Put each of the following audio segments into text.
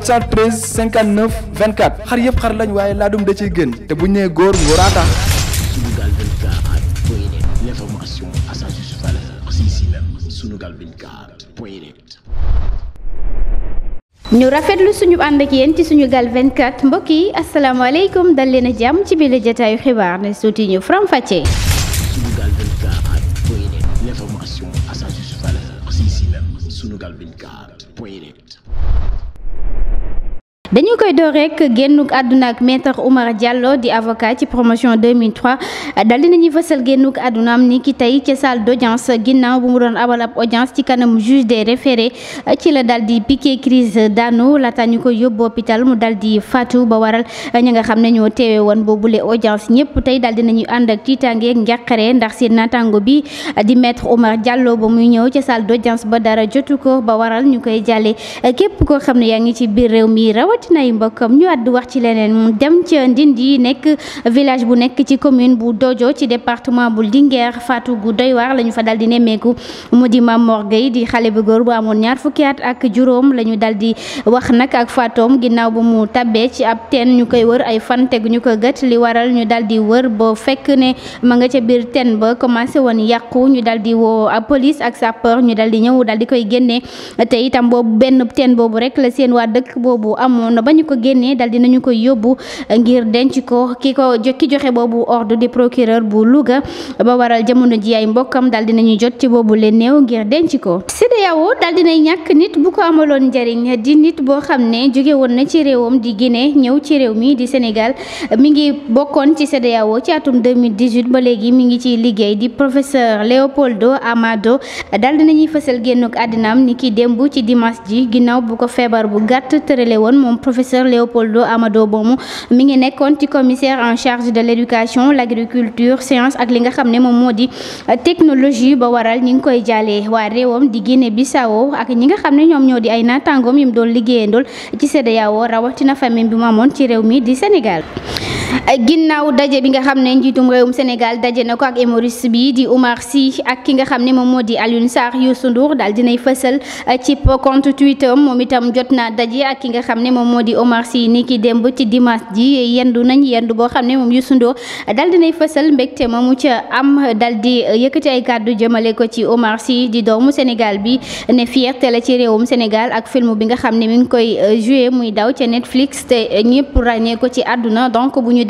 713 59 24 xar yëpp xar lañ waaye laa dum te bu ñu nee góor ngóoraa tax. Sunugal 24 point net l'information rafetlu suñu ànd ak ci suñu gal 24 mbokk yi asalaamaaleykum dal leen jàmm ci biir jataayu xibaar ne suuti ñu faram fàccee. Sunugal 24 point net l'information à sa juste valeur, c'est ici dañu koy door rek génnug àdduna ak maître Oumar jàlloo di avoca ci promotion 2003 dal di nañuy fësal génnug àdduna am ni ki tey ca salle d'audience ginnaaw bu mu doon abal ab audience ci kanam juge des référés ci la dal di piqué crise daanu laata ñu koy yóbbu hôpital mu dal di faatu ba waral ñi nga xam ne ñoo teewe woon boobu lee audience ñëpp tey dal di nañu ànd ak tiitaange ak ndax seen naataango bi di maître Oumar jàlloo ba muy ñëw ca salle d'audience ba dara jotu ko ba waral ñu koy jàllee képp koo xam ne yaa ngi ci biir réew mi raw rawatina yi mbokkam ñu àddu wax ci leneen mu dem ca Ndindi nekk village bu nekk ci commune bu Dojo ci département bu Linguère faatu gu doy waar la ñu fa dal di nemmeeku mu di Mamor yi di xale bu góor bu amoon ñaar fukki at ak juróom la ñu dal di wax nag ak faatoom ginnaaw bu mu tabee ci ab ten ñu koy wër ay fan teg ñu ko gët li waral ñu dal di wër ba fekk ne ma nga ca biir ten ba commencé woon yàqu ñu dal di woo police ak sapeur ñu dal di ñëw dal di koy génne jamono ba ñu ko génnee dal dinañu koy yóbbu ngir denc ko ki ko ki joxe boobu ordre di procureur bu Louga ba waral jamono ji ay mbokkam dal dinañu jot ci boobu leen néew ngir denc ko CEDEAO dal dinay ñàkk nit bu ko amaloon njëriñ di nit boo xam ne jóge woon na ci réewam di Guinée ñëw ci réew mi di Sénégal mi ngi bokkoon ci CEDEAO ci atum 2018 ba léegi mi ngi ci liggéey di professeur Léopoldo Amado dal dinañuy fësal génnuk àddinaam ni ki démb ci dimanche ji moom professeur Léopoldo Amadou Bomu mi ngi nekkoon ci commissaire en charge de l' éducation l' agriculture science ak li nga xam ne moom moo di euh, technologie ba waral ñi ngi koy jàllee waa réewam di Guinée Bissau ak ñi nga xam ne ñoom ñoo di ay naataangoom yim doon liggéeyandool ci CEDEAO rawatina famille bi mu amoon ci réew mi di Sénégal. ginnaaw daje bi nga xam ne njiitum réewum Sénégal daje na ko ak humoriste bi di Oumar Sy ak ki nga xam ne moom moo moom moo di Omar ni ki démb ci dimanche ji yendu nañ yendu boo xam ne moom Youssou Ndour dal dinay fësal mbégte ma mu ca am dal yëkkati ay kàddu jëmale ko ci Omar di doomu Sénégal bi ne fierté la ci réewum Sénégal ak bi nga xam ne mi ngi koy euh, joué muy daw ca Netflix te ñëpp ràññee ko ci bu ñu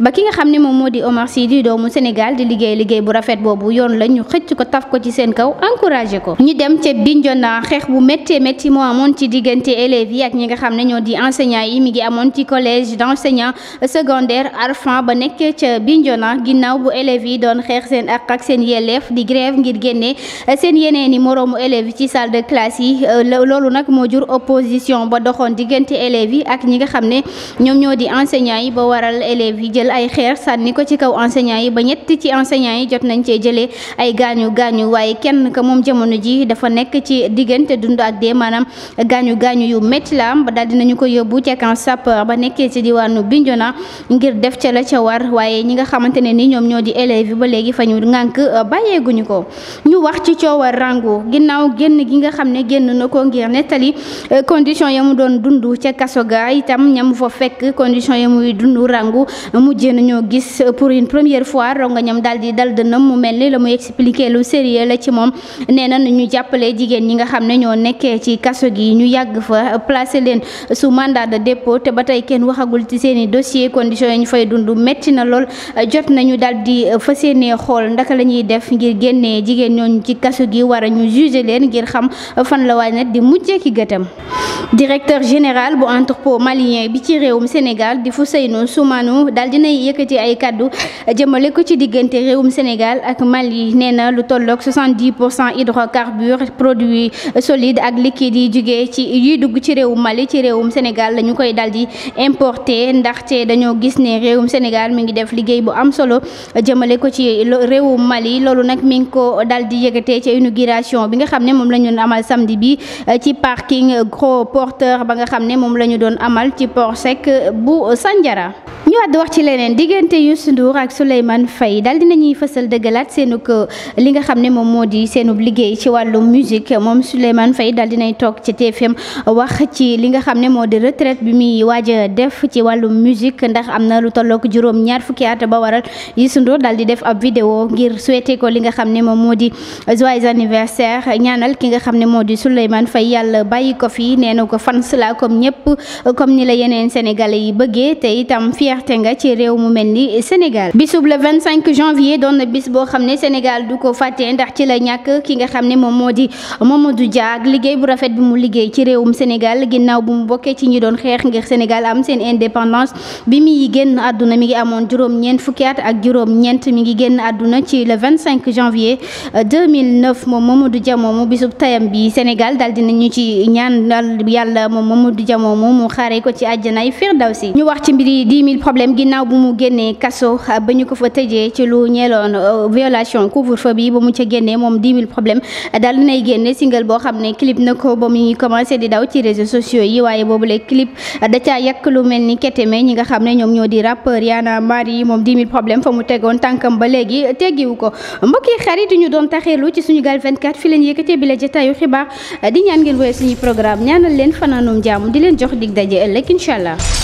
ba ki nga xam ne moo di Omar di doomu Sénégal di liggéey liggéey bu rafet boobu yoon la ñu xëcc ko taf ko ci seen kaw encouragé ko ñu dem ca Bignona xeex bu méttee métti moo amoon ci diggante élèves yi ak ñi nga xam ne ñoo di ji enseignant yi mi ngi amoon ci collège d'enseignants secondaire Arfan ba nekk ca Bignona ginnaaw bu élèves yi doon xeex seen ak ak seen yelleef di grève ngir génne eh, seen yeneeni moroomu élèves ci salle de classe yi eh, loolu nag moo jur opposition ba doxoon diggante élèves yi ak ñi nga xam ne ñoom ñoo di enseignants yi ba waral élèves yi jël ay xeer sànni ko ci kaw enseignants yi ba ñett ci enseignants yi jot nañ cee jëlee ay gaañu gaañu waaye kenn ka moom jamono ji dafa nekk ci diggante dund ak dee ko yóbbu ca camp sapeur ba nekkee ci diwaanu Bignona ngir def ca la ca war waaye ñi nga xamante ni ñoom ñoo di élèves yi ba léegi fa ñu ngànk euh, bàyyeeguñu ko ñu wax ci coowal Rangou ginnaaw génn gi nga xam ne génn na ko ngir nettali euh, condition ya mu doon dund ca kaso ga itam ñamu fa fekk condition ya muy dund Rangou mujjee ñoo gis euh, pour une première fois rongañam daal di dal dënam mu mel ni la muy expliqué lu sérieux la ci moom nee na ñu jàppale mandat de dépôt te ba tey kenn waxagul ci seen i dossier conditions yi ñu fay dund métti na lool jot nañu daal di fas yéenee xool ndaka la ñuy def ngir génne jigéen ñooñu ci kaso gi war a ñu juger leen ngir xam fan la waaj nag di mujjee ki gëtam directeur général bu entrepôt malien bi ci réewum Sénégal di Fouseynou Soumanou daal dinay yëkkati ay kàddu jëmale ko ci diggante réewum Sénégal ak Mali nee na lu tolloog 70 pour cent hydrocarbures produits solides ak liquides yi jugee ci yuy dugg ci réewum Mali ci réewum Sénégal la ñu koy dal di importer ndaxte dañoo gis ne réewum Sénégal mi ngi def liggéey bu am solo jëmale ko ci réewum Mali loolu nag mi ngi ko dal di yëgatee ci inauguration bi nga xam ne moom la ñu doon amal samedi bi eh, ci parking gros porteur ba nga xam ne moom lañu doon amal ci port sec eh, bu Sandiara. ñu àdd wax ci leneen diggante Youssou Ndour ak Souleymane Faye daal dinañuy fësal dëggalaat seenug eh, li nga xam ne moom moo di seenu liggéey ci wàllu musique moom Souleymane Faye daal dinay toog ci TFM moo di retraite bi muy waaj a def ci wàllum musique ndax am na lu tollook juróom ñaar fukki at ba waral Youssou Ndour daal di def ab vidéo ngir souhaiter ko li nga xam ne moom moo di joyeux anniversaire ñaanal ki nga xam ne moo di Souleymane Faye yàlla bàyyi ko fi nee na ko fans la comme ñëpp comme ni la yeneen sénégalais yi bëggee te itam fierté nga ci réew mu mel ni Sénégal bisub le 25 janvier doon na bis boo xam ne Sénégal du ko fàtte ndax ci la ñàkk ki nga xam ne moom moo di Mamadou Dia ak liggéey bu rafet mu liggéey ci réewum Sénégal bokkee ci ñi doon xeex ngir Sénégal am seen indépendance bi muy génn àdduna mi ngi amoon juróom ñeent fukki at ak juróom ñeent mi ngi génn àdduna ci le 25 janvier 2009 euh, moom Mamadou Dia moomu bisub tayam bi Sénégal daal dinañu ci ñaan dal yàlla moom Mamadou Dia moomu mu xaaree ko ci àjjana yi si ñu wax ci mbiri 10 000 problème ginnaaw bu mu génnee kaso euh, ba ñu ko fa tëjee ci lu ñeeloon euh, violation couvre-feu bi ba mu ca génnee moom 10 000 problème daal dinay génne single boo xam ne clip na ko ba mu ngi commencé di daw ci réseaux sociaux yi waaye boobu boobule clip da caa yàq lu mel ni keteme ñi nga xam ne ñoom ñoo di rappeur Yaana Marie moom 10 000 problème fa mu tegoon tànkam ba léegi teggiwu ko mbokki xarit yi ñu doon taxeelu ci suñu 24 fi leen yëkkatee bi la jotaayu xibaar di ñaan ngeen woye suñu programme ñaanal leen fanaanum jàmm di leen jox dig daje ëllëg incha allah